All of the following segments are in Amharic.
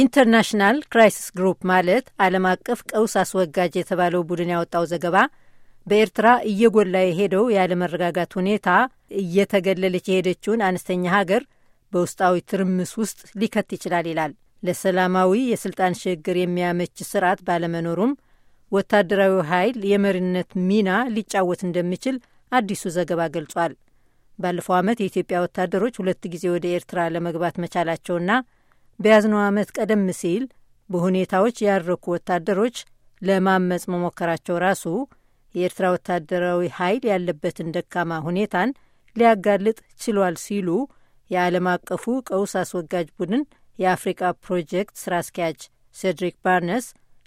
ኢንተርናሽናል ክራይሲስ ግሩፕ ማለት ዓለም አቀፍ ቀውስ አስወጋጅ የተባለው ቡድን ያወጣው ዘገባ በኤርትራ እየጎላ የሄደው ያለመረጋጋት ሁኔታ እየተገለለች የሄደችውን አነስተኛ ሀገር በውስጣዊ ትርምስ ውስጥ ሊከት ይችላል ይላል። ለሰላማዊ የስልጣን ሽግግር የሚያመች ስርዓት ባለመኖሩም ወታደራዊ ኃይል የመሪነት ሚና ሊጫወት እንደሚችል አዲሱ ዘገባ ገልጿል። ባለፈው ዓመት የኢትዮጵያ ወታደሮች ሁለት ጊዜ ወደ ኤርትራ ለመግባት መቻላቸውና በያዝነው ዓመት ቀደም ሲል በሁኔታዎች ያረኩ ወታደሮች ለማመፅ መሞከራቸው ራሱ የኤርትራ ወታደራዊ ኃይል ያለበትን ደካማ ሁኔታን ሊያጋልጥ ችሏል ሲሉ የዓለም አቀፉ ቀውስ አስወጋጅ ቡድን የአፍሪቃ ፕሮጀክት ስራ አስኪያጅ ሴድሪክ ባርነስ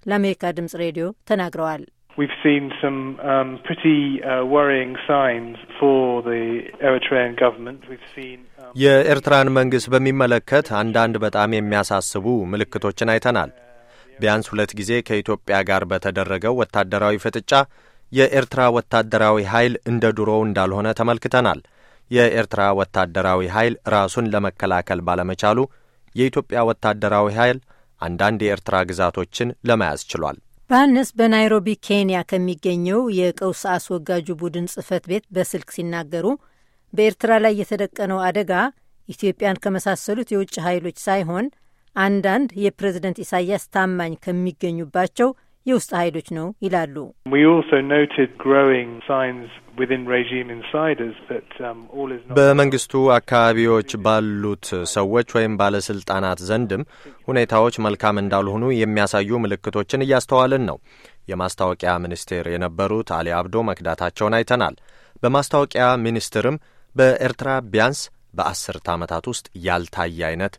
ለአሜሪካ ድምፅ ሬዲዮ ተናግረዋል። We've seen some um, pretty uh, worrying signs for the Eritrean government. We've seen um, የኤርትራን መንግስት በሚመለከት አንዳንድ በጣም የሚያሳስቡ ምልክቶችን አይተናል። ቢያንስ ሁለት ጊዜ ከኢትዮጵያ ጋር በተደረገው ወታደራዊ ፍጥጫ የኤርትራ ወታደራዊ ኃይል እንደ ድሮው እንዳልሆነ ተመልክተናል። የኤርትራ ወታደራዊ ኃይል ራሱን ለመከላከል ባለመቻሉ የኢትዮጵያ ወታደራዊ ኃይል አንዳንድ የኤርትራ ግዛቶችን ለመያዝ ችሏል። ዮሐንስ በናይሮቢ ኬንያ ከሚገኘው የቀውስ አስወጋጁ ቡድን ጽህፈት ቤት በስልክ ሲናገሩ በኤርትራ ላይ የተደቀነው አደጋ ኢትዮጵያን ከመሳሰሉት የውጭ ኃይሎች ሳይሆን አንዳንድ የፕሬዝደንት ኢሳያስ ታማኝ ከሚገኙባቸው የውስጥ ኃይሎች ነው ይላሉ። um, በመንግስቱ አካባቢዎች ባሉት ሰዎች ወይም ባለስልጣናት ዘንድም ሁኔታዎች መልካም እንዳልሆኑ የሚያሳዩ ምልክቶችን እያስተዋልን ነው። የማስታወቂያ ሚኒስቴር የነበሩት አሊ አብዶ መክዳታቸውን አይተናል። በማስታወቂያ ሚኒስትርም በኤርትራ ቢያንስ በአስርተ ዓመታት ውስጥ ያልታየ አይነት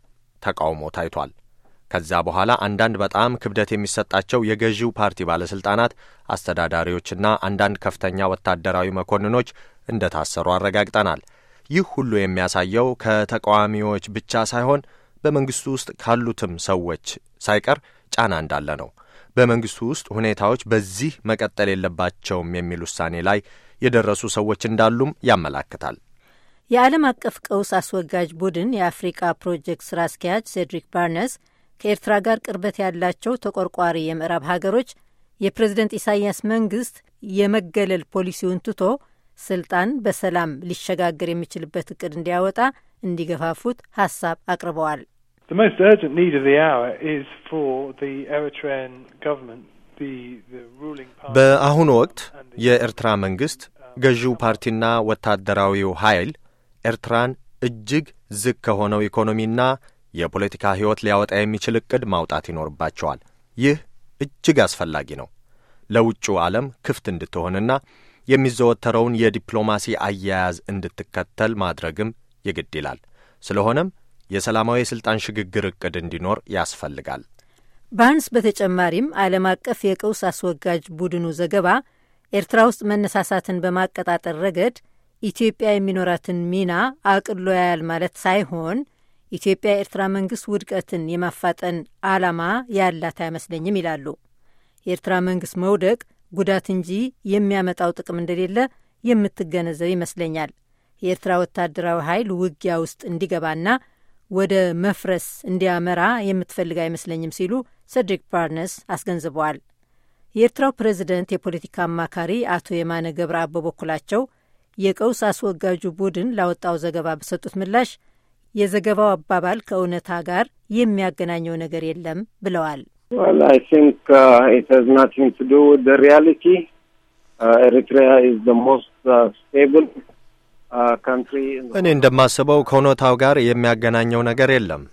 ተቃውሞ ታይቷል። ከዛ በኋላ አንዳንድ በጣም ክብደት የሚሰጣቸው የገዢው ፓርቲ ባለሥልጣናት፣ አስተዳዳሪዎችና አንዳንድ ከፍተኛ ወታደራዊ መኮንኖች እንደታሰሩ አረጋግጠናል። ይህ ሁሉ የሚያሳየው ከተቃዋሚዎች ብቻ ሳይሆን በመንግስቱ ውስጥ ካሉትም ሰዎች ሳይቀር ጫና እንዳለ ነው። በመንግስቱ ውስጥ ሁኔታዎች በዚህ መቀጠል የለባቸውም የሚል ውሳኔ ላይ የደረሱ ሰዎች እንዳሉም ያመላክታል። የዓለም አቀፍ ቀውስ አስወጋጅ ቡድን የአፍሪቃ ፕሮጀክት ስራ አስኪያጅ ሴድሪክ ባርነስ ከኤርትራ ጋር ቅርበት ያላቸው ተቆርቋሪ የምዕራብ ሀገሮች የፕሬዝደንት ኢሳይያስ መንግስት የመገለል ፖሊሲውን ትቶ ስልጣን በሰላም ሊሸጋገር የሚችልበት እቅድ እንዲያወጣ እንዲገፋፉት ሀሳብ አቅርበዋል። በአሁኑ ወቅት የኤርትራ መንግስት ገዢው ፓርቲና ወታደራዊው ኃይል ኤርትራን እጅግ ዝግ ከሆነው ኢኮኖሚና የፖለቲካ ሕይወት ሊያወጣ የሚችል እቅድ ማውጣት ይኖርባቸዋል። ይህ እጅግ አስፈላጊ ነው። ለውጭው ዓለም ክፍት እንድትሆንና የሚዘወተረውን የዲፕሎማሲ አያያዝ እንድትከተል ማድረግም ይግድ ይላል። ስለሆነም የሰላማዊ የሥልጣን ሽግግር እቅድ እንዲኖር ያስፈልጋል። ባርንስ በተጨማሪም ዓለም አቀፍ የቀውስ አስወጋጅ ቡድኑ ዘገባ ኤርትራ ውስጥ መነሳሳትን በማቀጣጠል ረገድ ኢትዮጵያ የሚኖራትን ሚና አቅሎ ያያል ማለት ሳይሆን ኢትዮጵያ የኤርትራ መንግስት ውድቀትን የማፋጠን ዓላማ ያላት አይመስለኝም ይላሉ። የኤርትራ መንግስት መውደቅ ጉዳት እንጂ የሚያመጣው ጥቅም እንደሌለ የምትገነዘብ ይመስለኛል። የኤርትራ ወታደራዊ ኃይል ውጊያ ውስጥ እንዲገባና ወደ መፍረስ እንዲያመራ የምትፈልግ አይመስለኝም ሲሉ ሰድሪክ ባርነስ አስገንዝበዋል። የኤርትራው ፕሬዚደንት የፖለቲካ አማካሪ አቶ የማነ ገብረአብ በበኩላቸው የቀውስ አስወጋጁ ቡድን ላወጣው ዘገባ በሰጡት ምላሽ የዘገባው አባባል ከእውነታ ጋር የሚያገናኘው ነገር የለም ብለዋል። uh, uh, uh, እኔ እንደማስበው ከእውነታው ጋር የሚያገናኘው ነገር የለም።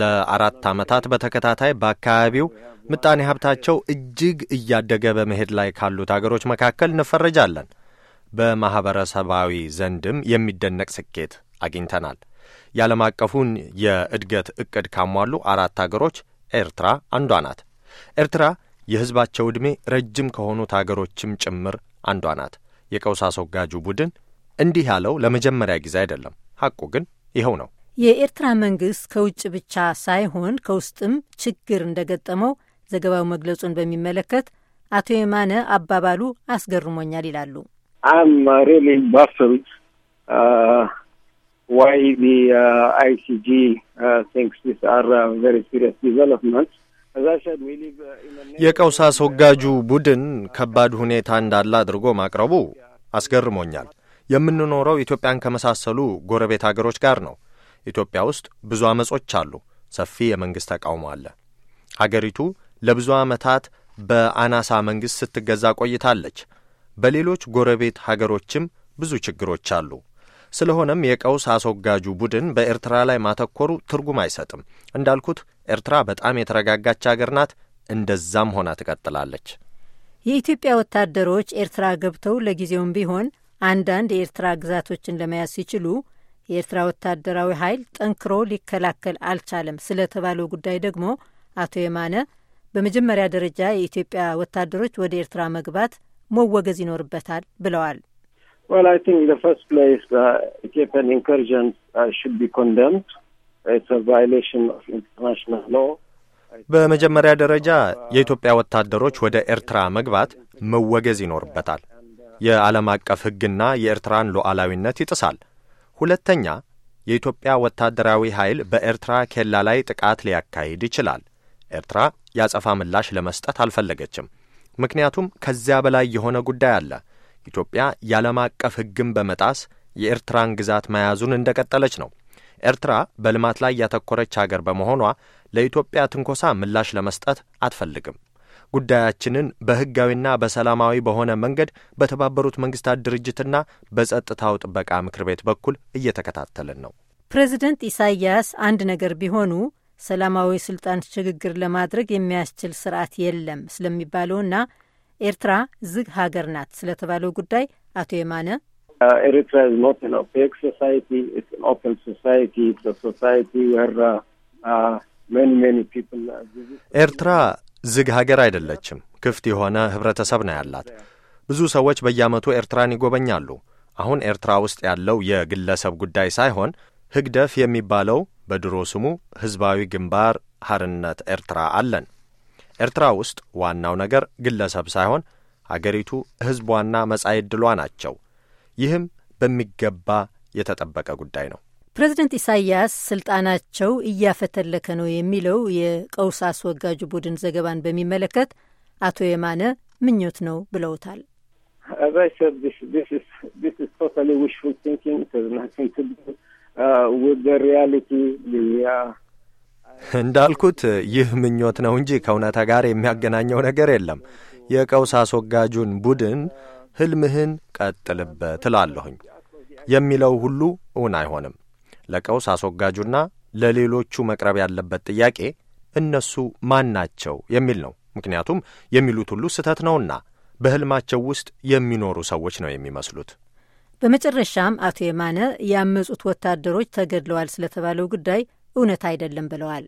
ለአራት ዓመታት በተከታታይ በአካባቢው ምጣኔ ሀብታቸው እጅግ እያደገ በመሄድ ላይ ካሉት አገሮች መካከል እንፈረጃለን። በማኅበረሰባዊ ዘንድም የሚደነቅ ስኬት አግኝተናል። የዓለም አቀፉን የእድገት እቅድ ካሟሉ አራት አገሮች ኤርትራ አንዷ ናት። ኤርትራ የሕዝባቸው ዕድሜ ረጅም ከሆኑት አገሮችም ጭምር አንዷ ናት። የቀውስ አስወጋጁ ቡድን እንዲህ ያለው ለመጀመሪያ ጊዜ አይደለም። ሐቁ ግን ይኸው ነው። የኤርትራ መንግሥት ከውጭ ብቻ ሳይሆን ከውስጥም ችግር እንደገጠመው ዘገባው መግለጹን በሚመለከት አቶ የማነ አባባሉ አስገርሞኛል ይላሉ። why the uh, ICG uh, thinks these are uh, very serious developments. Uh, የቀውስ አስወጋጁ ቡድን ከባድ ሁኔታ እንዳለ አድርጎ ማቅረቡ አስገርሞኛል። የምንኖረው ኢትዮጵያን ከመሳሰሉ ጎረቤት አገሮች ጋር ነው። ኢትዮጵያ ውስጥ ብዙ አመጾች አሉ። ሰፊ የመንግሥት ተቃውሞ አለ። አገሪቱ ለብዙ ዓመታት በአናሳ መንግሥት ስትገዛ ቆይታለች። በሌሎች ጎረቤት ሀገሮችም ብዙ ችግሮች አሉ። ስለሆነም የቀውስ አስወጋጁ ቡድን በኤርትራ ላይ ማተኮሩ ትርጉም አይሰጥም። እንዳልኩት ኤርትራ በጣም የተረጋጋች አገር ናት። እንደዛም ሆና ትቀጥላለች። የኢትዮጵያ ወታደሮች ኤርትራ ገብተው ለጊዜውም ቢሆን አንዳንድ የኤርትራ ግዛቶችን ለመያዝ ሲችሉ የኤርትራ ወታደራዊ ኃይል ጠንክሮ ሊከላከል አልቻለም ስለተባለው ጉዳይ ደግሞ አቶ የማነ በመጀመሪያ ደረጃ የኢትዮጵያ ወታደሮች ወደ ኤርትራ መግባት መወገዝ ይኖርበታል ብለዋል። Well, I think in the first place, uh, Ethiopian incursions uh, should be condemned. It's a violation of international law. በመጀመሪያ ደረጃ የኢትዮጵያ ወታደሮች ወደ ኤርትራ መግባት መወገዝ ይኖርበታል። የዓለም አቀፍ ሕግና የኤርትራን ሉዓላዊነት ይጥሳል። ሁለተኛ የኢትዮጵያ ወታደራዊ ኃይል በኤርትራ ኬላ ላይ ጥቃት ሊያካሂድ ይችላል። ኤርትራ ያጸፋ ምላሽ ለመስጠት አልፈለገችም። ምክንያቱም ከዚያ በላይ የሆነ ጉዳይ አለ። ኢትዮጵያ የዓለም አቀፍ ሕግን በመጣስ የኤርትራን ግዛት መያዙን እንደቀጠለች ነው። ኤርትራ በልማት ላይ ያተኮረች አገር በመሆኗ ለኢትዮጵያ ትንኮሳ ምላሽ ለመስጠት አትፈልግም። ጉዳያችንን በሕጋዊና በሰላማዊ በሆነ መንገድ በተባበሩት መንግስታት ድርጅትና በጸጥታው ጥበቃ ምክር ቤት በኩል እየተከታተልን ነው። ፕሬዚደንት ኢሳይያስ አንድ ነገር ቢሆኑ ሰላማዊ ስልጣን ሽግግር ለማድረግ የሚያስችል ስርዓት የለም ስለሚባለውና ኤርትራ ዝግ ሀገር ናት ስለተባለው ጉዳይ አቶ የማነ ኤርትራ uh, uh, uh, ኤርትራ ዝግ ሀገር አይደለችም። ክፍት የሆነ ህብረተሰብ ነው ያላት። ብዙ ሰዎች በየዓመቱ ኤርትራን ይጎበኛሉ። አሁን ኤርትራ ውስጥ ያለው የግለሰብ ጉዳይ ሳይሆን ህግደፍ የሚባለው በድሮ ስሙ ህዝባዊ ግንባር ሀርነት ኤርትራ አለን ኤርትራ ውስጥ ዋናው ነገር ግለሰብ ሳይሆን አገሪቱ ሕዝቧና መጻኢ ዕድሏ ናቸው። ይህም በሚገባ የተጠበቀ ጉዳይ ነው። ፕሬዚደንት ኢሳያስ ስልጣናቸው እያፈተለከ ነው የሚለው የቀውስ አስወጋጅ ቡድን ዘገባን በሚመለከት አቶ የማነ ምኞት ነው ብለውታል። እንዳልኩት ይህ ምኞት ነው እንጂ ከእውነታ ጋር የሚያገናኘው ነገር የለም። የቀውስ አስወጋጁን ቡድን ህልምህን ቀጥልበት እላለሁኝ የሚለው ሁሉ እውን አይሆንም። ለቀውስ አስወጋጁና ለሌሎቹ መቅረብ ያለበት ጥያቄ እነሱ ማን ናቸው የሚል ነው። ምክንያቱም የሚሉት ሁሉ ስህተት ነውና በህልማቸው ውስጥ የሚኖሩ ሰዎች ነው የሚመስሉት። በመጨረሻም አቶ የማነ ያመጹት ወታደሮች ተገድለዋል ስለተባለው ጉዳይ እውነት አይደለም ብለዋል።